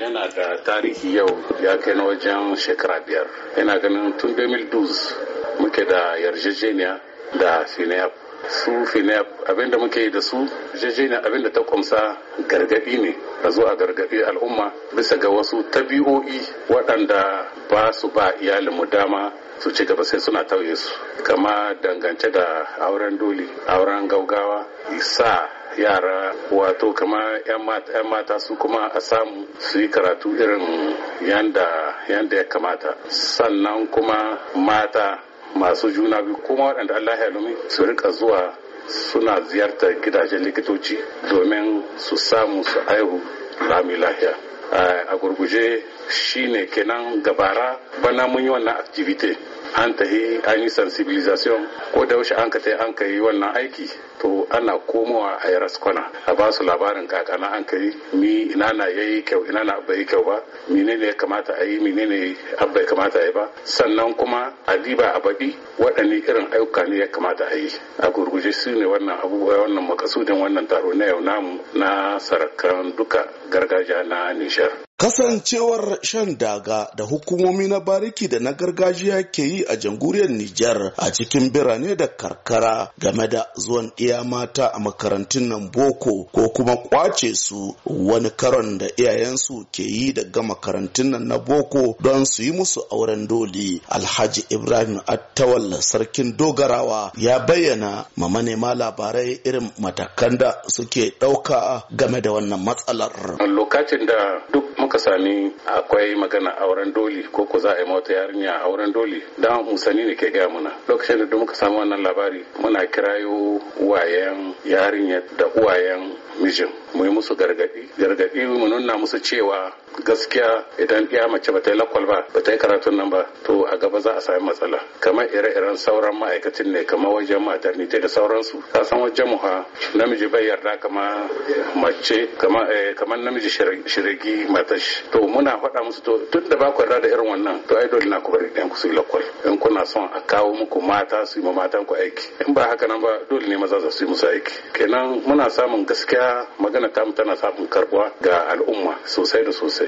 yana da tarihi yau ya kai na wajen shekara biyar yana ganin tun 2012 muke da yarjejeniya da finap su finap abinda muke yi da su yarjejeniya abinda ta kumsa gargaɗi ne a zuwa gargaɗi al'umma bisa ga wasu tabi'o'i waɗanda ba su ba iyalinmu dama su ci gaba sai suna tauye su kama dangance da auren doli auren gaugawa isa yara wato kama 'yan mata su kuma a samu su yi karatu irin yanda ya kamata sannan kuma mata masu juna biyu kuma waɗanda Allah ya lumi su rika zuwa suna ziyartar gidajen likitoci domin su samu su aihu lami lahiya a gurguje shine kenan gabara bana mun yi wannan activity an tahi an yi sensibilisation ko da yaushe an ka tai an ka yi wannan aiki to ana komowa a yi raskwana a ba su labarin kakana an ka yi mi ina na yayi kyau ina na abba yi kyau ba menene ya kamata a yi menene abba ya kamata a yi ba sannan kuma a diba a baɗi waɗanne irin ayyuka ne ya kamata a yi a gurguje su ne wannan abubuwa wannan makasudin wannan taro na yau namu na sarakan duka gargajiya na nishar Kasancewar shan daga da hukumomi na bariki da na gargajiya ke yi a jamhuriyar Nijar a cikin birane da karkara game da zuwan iya mata a makarantun nan boko ko kuma kwace su wani karon da iyayensu ke yi daga makarantun nan na boko don su yi musu auren doli. Alhaji Ibrahim Attawal sarkin dogarawa ya bayyana ma manema labarai irin matakan da suke ɗauka game da wannan matsalar. Lokacin da duk muka sami akwai magana auren doli ko ko za a yi mota yarinya auren doli dan musani ne ke gaya muna lokacin da duk muka samu wannan labari muna kirayo uwayen yarinya da uwayen mijin mu yi musu gargadi gargadi mu nuna musu cewa gaskiya idan ya mace ba ta yi lakwal ba ba ta yi karatun nan ba to a gaba za a sami matsala kamar ire-iren sauran ma'aikacin ne kamar wajen maternity da sauransu ka san wajen muha namiji bai yarda kamar mace eh, kamar namiji shirigi matashi to muna faɗa musu to tun da ba ku yarda da irin wannan to ai dole na ku bari ɗan ku su yi lakwal in kuna son a kawo muku mata su yi ma matan ku aiki in ba haka nan ba dole ne maza su yi musu aiki kenan muna samun gaskiya magana tamu tana samun karbuwa ga al'umma sosai da sosai